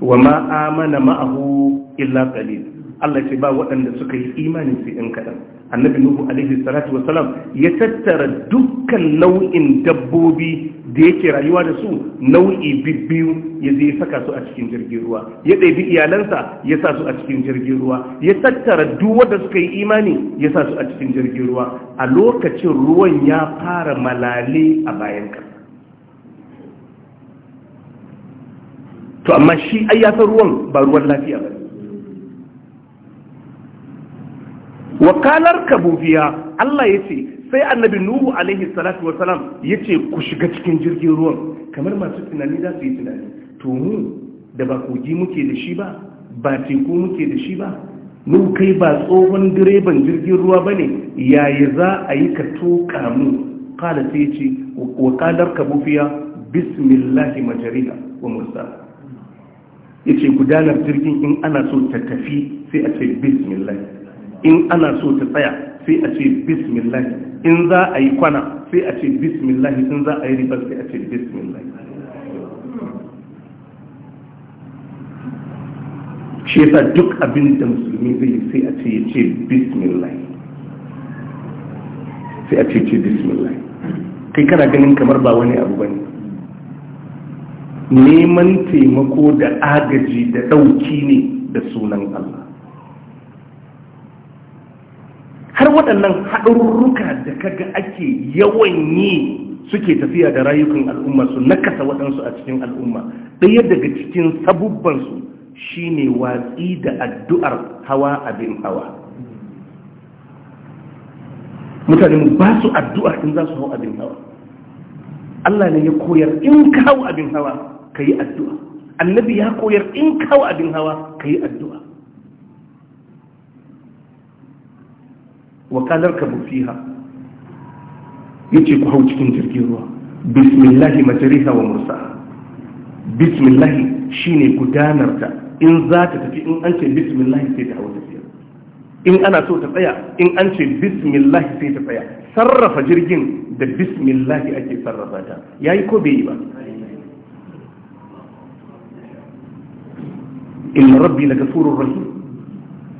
A: wa ma amana ma'ahu illa qalil Allah ce ba waɗanda suka yi imani sai in kaɗan annabi nuhu alaihi salatu wasalam ya tattara dukkan nau'in dabbobi da yake rayuwa da su nau'i bibbiyu ya zai saka su a cikin jirgin ruwa ya ɗabi iyalansa ya sa su a cikin jirgin ruwa ya tattara duk wanda suka yi imani ya sa su a cikin jirgin ruwa a lokacin ruwan ya fara malale a bayan ka to amma shi ai ya ruwan ba ruwan lafiya ba wa kalar kabubiya Allah ya ce sai annabi nuhu alaihi salatu wa salam ya ce ku shiga cikin jirgin ruwan kamar masu tunani za su yi tunani to mu da ba kogi muke da shi ba ba teku muke da shi ba mu kai ba tsohon direban jirgin ruwa ba ne yayi za a yi ka toka mu kala sai ce wa kalar kabubiya bismillahi majariha wa mursala ya ce gudanar jirgin in ana so ta tafi sai a ce bismillahi in ana so ta tsaya sai a ce bismillah in za a yi kwana sai a ce bismillah in za a yi ribar sai a ce bismillah ce yasa duk abin da musulmi zai sai a ce ya ce bismillah sai a ce ce bismillah kai kana ganin kamar ba wani abu ba ne. neman taimako da agaji da ɗauki ne da sunan Allah har waɗannan haɗarurruka da kaga ake yawan yi suke tafiya da rayukan al'umma su nakasa waɗansu a cikin al'umma ɗaya daga cikin sabubbansu shine watsi da addu'ar hawa abin hawa mutane ba su addu'a in za su hau abin hawa Allah ne ya koyar in ka hau abin hawa ka yi addu'a annabi ya koyar in ka hau abin hawa ka yi addu'a wa ka bufiha ya ce ku hau cikin jirgin ruwa bismillahi Majalisa wa Musa, bismillahi shine gudanarta in za ta tafi in an ce bismillahi sai ta hau tafiya in ana so ta tsaya in an ce bismillahi sai ta tsaya sarrafa jirgin da bismillahi ake sarrafa ta yi ko bai yi ba in rabbi daga gafurur rahim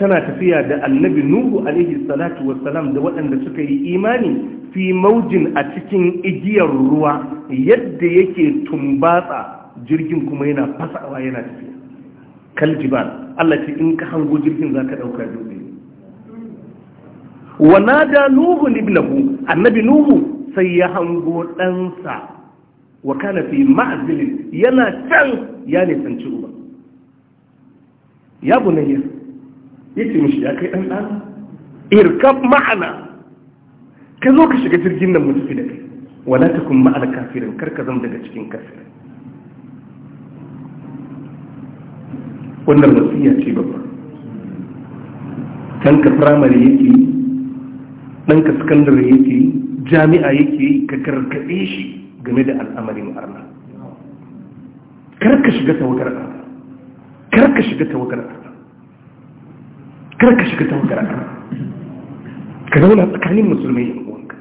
A: tana tafiya da annabi nuhu alaihi salatu wassalam da waɗanda suka yi imani fi maujin a cikin igiyar ruwa yadda yake tumbatsa jirgin kuma yana fasawa yana tafiya kaljibal Allah ce in ka hango jirgin za ka ɗauka dole Wana da nuhu ibnahu annabi nuhu sai ya hango ɗansa wa kana fi ma'azilin yana can ya nisanci uba ya bunayya yake mishi ya kai dan ɗan irkab ma'ana ka zo ka shiga jirgin nan mu tafi da kai wala takun ma'ana kafirin kar ka zama daga cikin kafirin wannan wasiya ce babba ɗanka firamare yake yi ɗanka sakandare yake jami'a yake ka karkaɗe shi game da al'amarin arna kar ka shiga tawagar arna kar ka shiga tawagar kar ka shiga tawagar arna ka zauna tsakanin musulmai da uwanka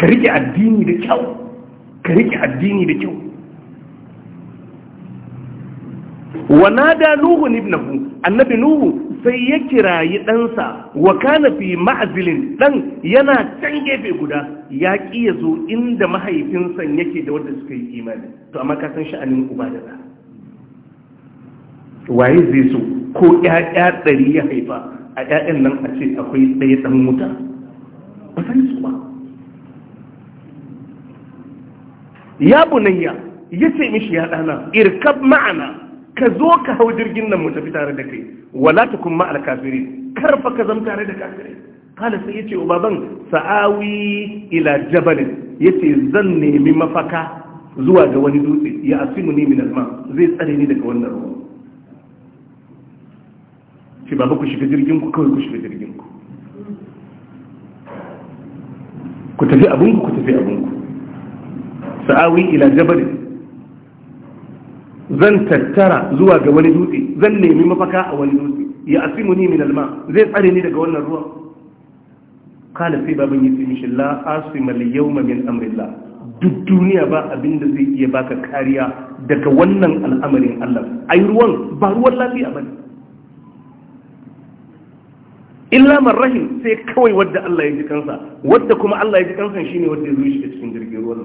A: ka rike addini da kyau ka rike addini da kyau wa nada nuhu ibnahu annabi nuhu sai ya kirayi ɗansa wa kana fi ma'azilin ɗan yana can gefe guda ya ƙi ya zo inda mahaifinsa yake da wanda suka yi imani to amma ka san sha'anin uba da ɗa waye zai so ko ƴaƴa ɗari ya haifa a ƴaƴan nan a ce akwai ɗaya ɗan wuta ba san su ba ya bunayya ya ce mishi ya ɗana irkab ma'ana ka zo ka hau jirgin nan mu tafi tare da kai wala takun ma'al kafirin karfa ka zama tare da kafirin kala sai yace ubaban sa'awi ila jabalin yace zan nemi mafaka zuwa ga wani dutse ya asimu ni min alma zai tsare ni daga wannan ruwa ce ba ku shiga jirgin ku kawai ku shiga jirgin ku ku tafi abinku ku ku tafi ku, sa'awi ila jabal zan tattara zuwa ga wani dutse zan nemi mafaka a wani dutse ya asimuni min alma zai tsare ni daga wannan ruwan kana sai baban yi mishi la asima li yawma min amrillah duk duniya ba abin da zai iya baka kariya daga wannan al'amarin Allah ai ruwan ba ruwan lafiya bane illa man rahim sai kawai wadda Allah ya ji kansa wadda kuma Allah ya ji kansa shine wadda ya zo shi cikin jirgin ruwan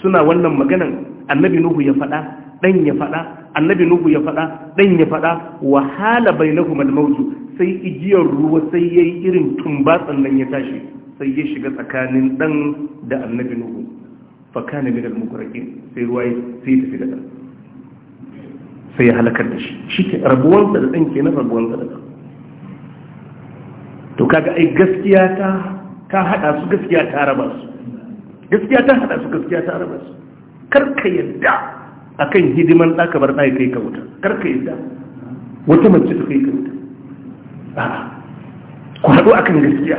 A: suna wannan maganan annabi nuhu ya faɗa dan ya faɗa annabi nuhu ya faɗa dan ya faɗa wahala bainahum al-mawju sai igiyar ruwa sai yayi irin tumbatsan nan ya tashi sai ya shiga tsakanin dan da annabi nuhu fa kana min al sai ruwa sai ya tafi da sai ya halakar da shi shi ke rabuwansa da dan kenan rabuwansa da dan to kaga ai gaskiya ta ka hada su gaskiya ta raba su gaskiya ta hada su gaskiya ta raba su karka yadda akan hidiman ɗaka bar dai kai ka wuta karka yadda wata mace ta kai ka wuta ku haɗu akan gaskiya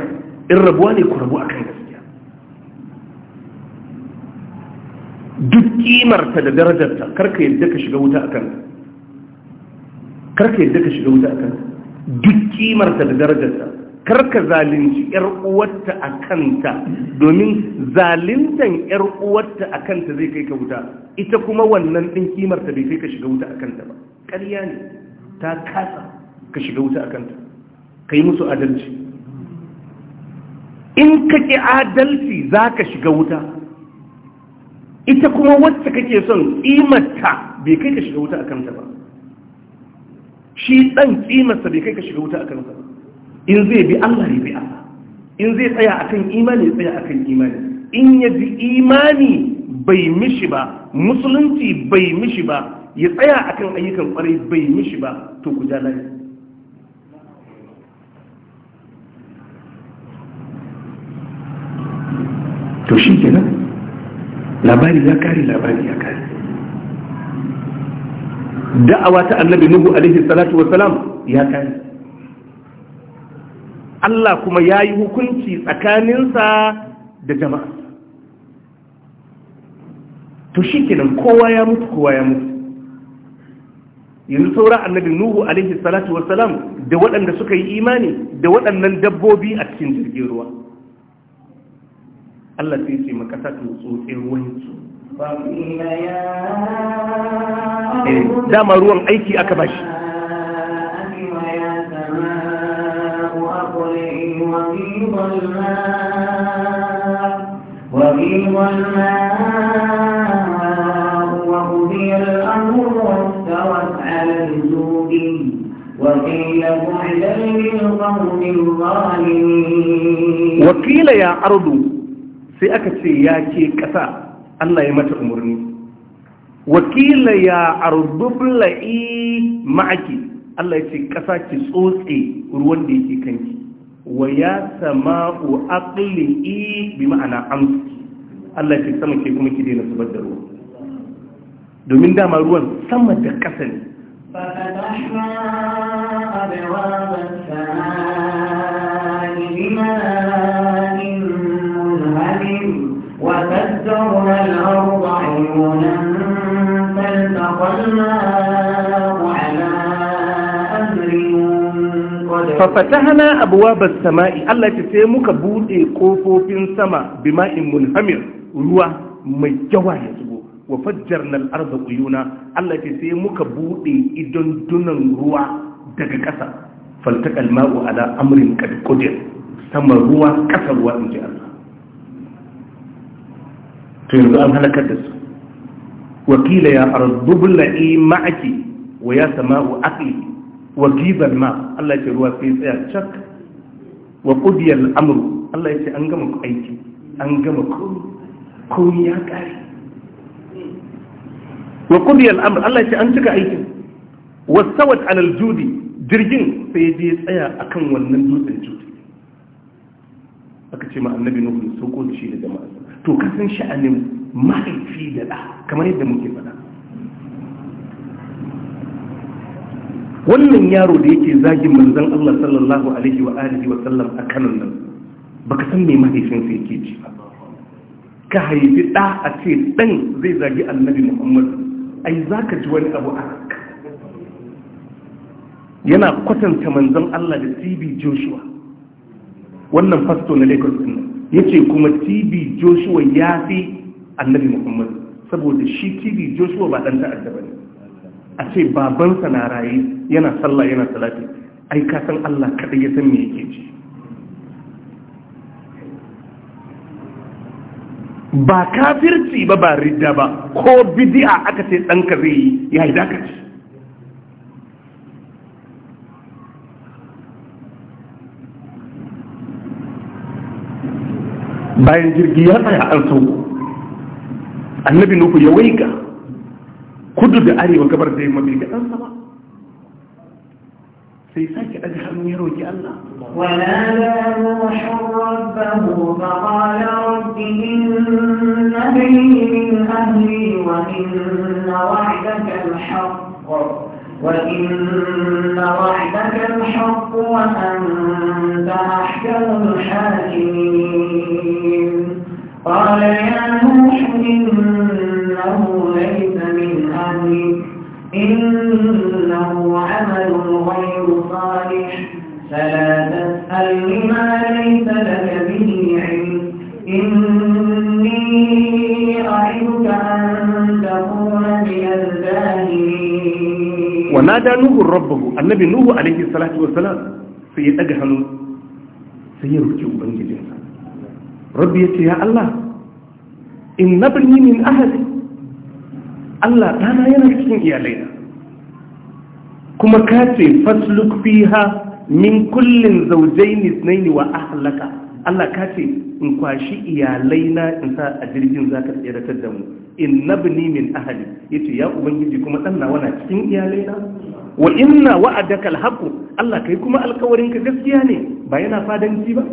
A: in rabuwa ne ku rabu akan gaskiya duk ta da darajarta karka yadda ka shiga wuta akan karka yadda ka shiga wuta akan duk ta da darajarta karka zalunci yar uwarta a kanta domin zaluntan yar uwarta a kanta zai kai ka wuta ita kuma wannan din kimar ta bai kai ka shiga wuta a kanta ba ƙarya ne ta kasa ka shiga wuta a kanta ka yi musu adalci in ka ƙi adalci za ka shiga wuta ita kuma wacce kake son ƙimarta bai kai ka shiga wuta a kanta ba shi ɗan ƙimarsa bai kai ka shiga wuta a kanta ba in zai bi Allah ya bi Allah in zai tsaya akan imani ya tsaya akan imani in ya bi imani bai mishi ba musulunci bai mishi ba ya tsaya akan ayyukan kwarai bai mishi ba to ku ja lafiya to shi kenan labari ya kare labari ya kare da'awa ta annabi nuhu alaihi salatu wa salam, ya kare Allah kuma ya yi hukunci tsakaninsa da jama'a to shi kenan kowa ya mutu kowa ya mutu yanzu saura annabi nuhu alaihi salatu wassalam da waɗanda suka yi imani da waɗannan dabbobi a cikin jirgin ruwa Allah sai ce makasa ta tsotse ruwansu eh, dama ruwan aiki aka bashi
B: والماء وقضي الأمر واستوت على الجود وقيل بعدا للقوم الظالمين وقيل
A: يا أرض sai aka ce ya ke ƙasa Allah ya mata umarni wakila ya arzubla'i ma'aki Allah ya ce ƙasa ki tsotse ruwan da yake kanki wa ya ma'ana amsi Allah ke sama ke kuma ki daina zubar da ruwa domin dama ruwan sama da ne ففتحنا أبواب السماء التي سيمك بوضع قوفو في السماء بماء منهمر ruwa mai yawa ya zubo wa fajjar nan arda uyuna Allah ke sai muka buɗe idan dunan ruwa daga ƙasa faltakal ma'u ala amrin kad sama ruwa ƙasa ruwa in ji Allah to yanzu an halakar da su wakila ya ardu bula'i ma'aki wa ya sama'u aqli wa gibal ma Allah ke ruwa sai tsaya cak wa qudiya al-amru Allah ya ce an gama aiki an gama komai komi ya kare wa kudi al'amur Allah ce an cika aikin wasawat alal judi jirgin sai ya je tsaya a kan wannan dutsen judi aka ce ma annabi nuhu sauko da shi da jama'a to ka san sha'anin ma'aifi da ɗa kamar yadda muke faɗa wannan yaro da yake zagin manzan Allah sallallahu alaihi wa alihi wa sallam a kanan nan baka san me mahaifinsa yake ji ba ka haifi ɗa a ce ɗan zai zagi annabi muhammadu ai za ka ji wani abu a yana kwatanta manzan Allah da TB Joshua wannan fasto na Lagos din yace kuma TB Joshua ya fi Annabi Muhammad saboda shi TB Joshua ba dan ta'adda bane a ce babansa na raye yana sallah yana salati ai ka san Allah kaɗai ya san me yake ci ba kafirci ba ba ridda ba ko bidi'a aka ce ɗanka zai yi ya yi dakaci bayan jirgi ya tsaya an sauko annabi nuku ya waiga kudu da arewa gabar da yamma mabi ga ɗan sama
B: sai sake ɗaga hannun ya roƙi Allah wala la muharram وإن وعدك الحق وإن وأنت أحكم الحاكمين قال يا نوح إن
A: fanada nuhu rabbahu annabi nuhu alaihi salatu wassalam sai ya daga hannu sai ya roki ubangijinsa rabbi yace ya Allah in nabni min ahli Allah dana yana cikin iyalaina kuma ka ce fasluk fiha min kullin zaujain ithnain wa ahlaka Allah kace in kwashi iyalaina in sa a jirgin zaka tsiratar da mu inna bni min Ya ce ya ubangiji kuma ɗan nawa na cikin iyalaina wa ina wa'adaka alhaqu Allah kai kuma alkawarin ka gaskiya ne ba yana fadanci ba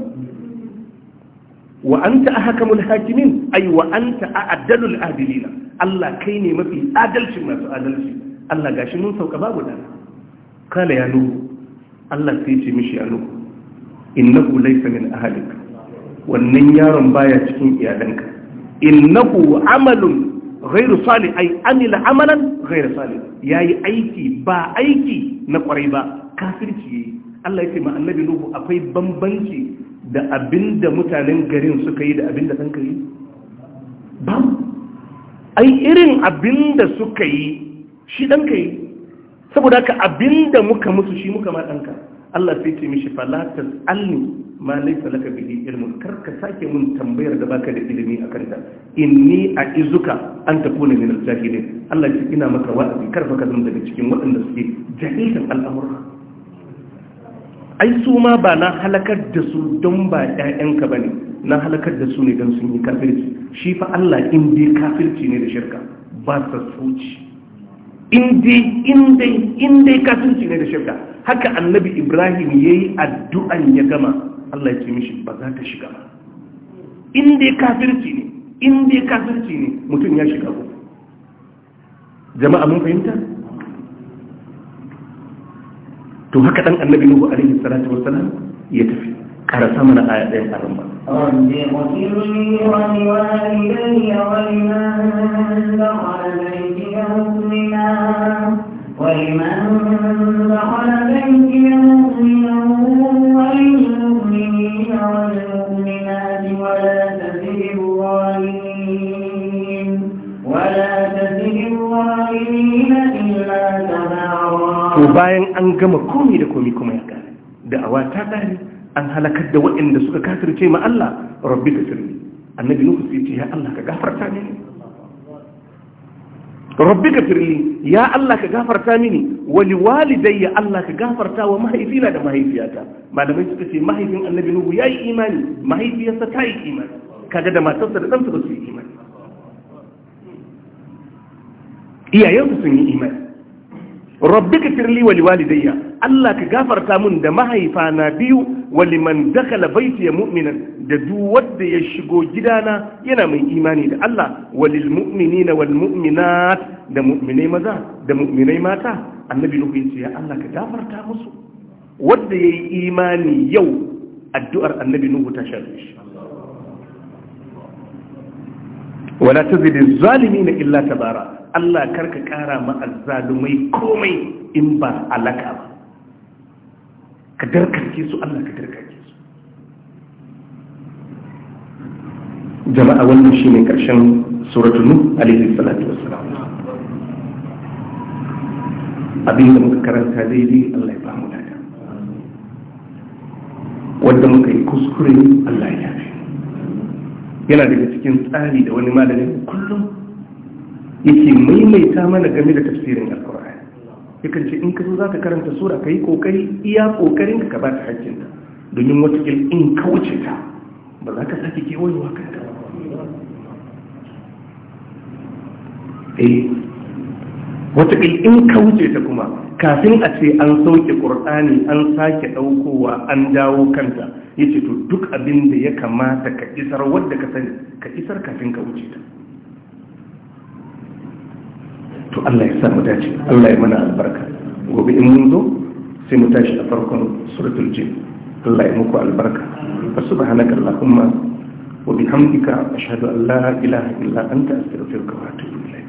A: wa an anta ahkamul hakimin ay wa an anta a'dalul adilina Allah kai ne mafi adalci masu adalci Allah ga shi mun sauka babu dana kala ya nuhu Allah sai ce mishi ya nuhu innahu laysa min ahlik wannan yaron baya cikin iyalanka innahu amalun ghairu salih ai amila amalan ghairu salih yayi aiki ba aiki na kwarai ba kafirci yayi Allah ya ce ma annabi Nuhu akwai bambanci da abinda mutanen garin suka yi da abinda kanka yi ba ai irin abinda suka yi shi dan kai saboda haka abinda muka musu shi muka ma danka Allah sai ce mishi fala tasalni ma laisa laka bihi ilmun kar sake mun tambayar da baka da ilimi a kanta inni a izuka an ne min al-jahilin Allah ya ina maka wa'azi kar fa ka zama daga cikin waɗanda suke jahilin al'amur ai su ma ba na halakar da su don ba ƴaƴanka bane na halakar da su ne don sun yi kafirci shi fa Allah in dai kafirci ne da shirka ba sa soci in dai in dai kafirci ne da shirka haka annabi ibrahim yayi addu'an ya gama Allah ya ce mishi ba za ta shiga ba in dai kafirci ne in dai kafirci ne mutum ya shiga ku jama'a mun fahimta to haka dan annabi nuhu alaihi salatu wassalam ya tafi karasa mana aya ɗayan karan ba
B: ولمن دخل بيتي مؤمنا والمؤمنات ولا تزد الظالمين ولا تزد الظالمين إلا تبارا
A: وباين أنقم كومي لكومي كومي دعوة تباري an halakar da waɗanda suka kafirce ma Allah rabbi ka sirri annabi nuhu sai ce ya Allah ka gafarta ne rabbi ka firli ya Allah ka gafarta mini wali walidai ya Allah ka gafarta wa mahaifina da mahaifiyata malamai suka ce mahaifin annabi nuhu ya yi imani mahaifiyarsa ta yi imani kaga da matarsa da ɗansa ba su yi imani iyayensu sun yi imani rabbi ka firli wa liwalidayya Allah ka gafarta mun da mahaifa na biyu wa liman dakhala ya mu'minan da duk wanda ya shigo gidana yana mai imani da Allah wa lil mu'minina wal mu'minat da mu'minai maza da mata annabi Nuhu yace ya Allah ka gafarta musu wanda yayi imani yau addu'ar annabi Nuhu ta shafe shi wala tazidi zalimin illa tabara Allah karka kara ma azzalumai komai in ba alaka ba ka darkarke su Allah ka darkarke su jama'a wannan ne karshen suratul nuh alaihi salatu wassalam abin da muka karanta daidai Allah ya ba mu dada wanda muka yi kuskure Allah ya yafe yana daga cikin tsari da wani malamin kullum yake maimaita mana game da tafsirin alkur'ani yakan ce in ka zo za ka karanta sura ka yi kokari iya kokarin ka ba ta hakkinta domin watakil in ka wuce ta ba za ka sake kewayewa kanta ba eh, watakil in ka wuce ta kuma kafin a ce an sauke ƙur'ani an sake ɗaukowa an dawo kanta ya ce to duk abin da ya kamata ka isar wadda ka sani ka isar kafin ka wuce ta to Allah ya sa mu dace Allah ya mana albarka gobe in mun zo sai mu tashi a farkon suratul jin Allah ya muku albarka fa subhanaka allahumma wa bihamdika ashhadu an la ilaha illa anta astaghfiruka wa atubu ilayk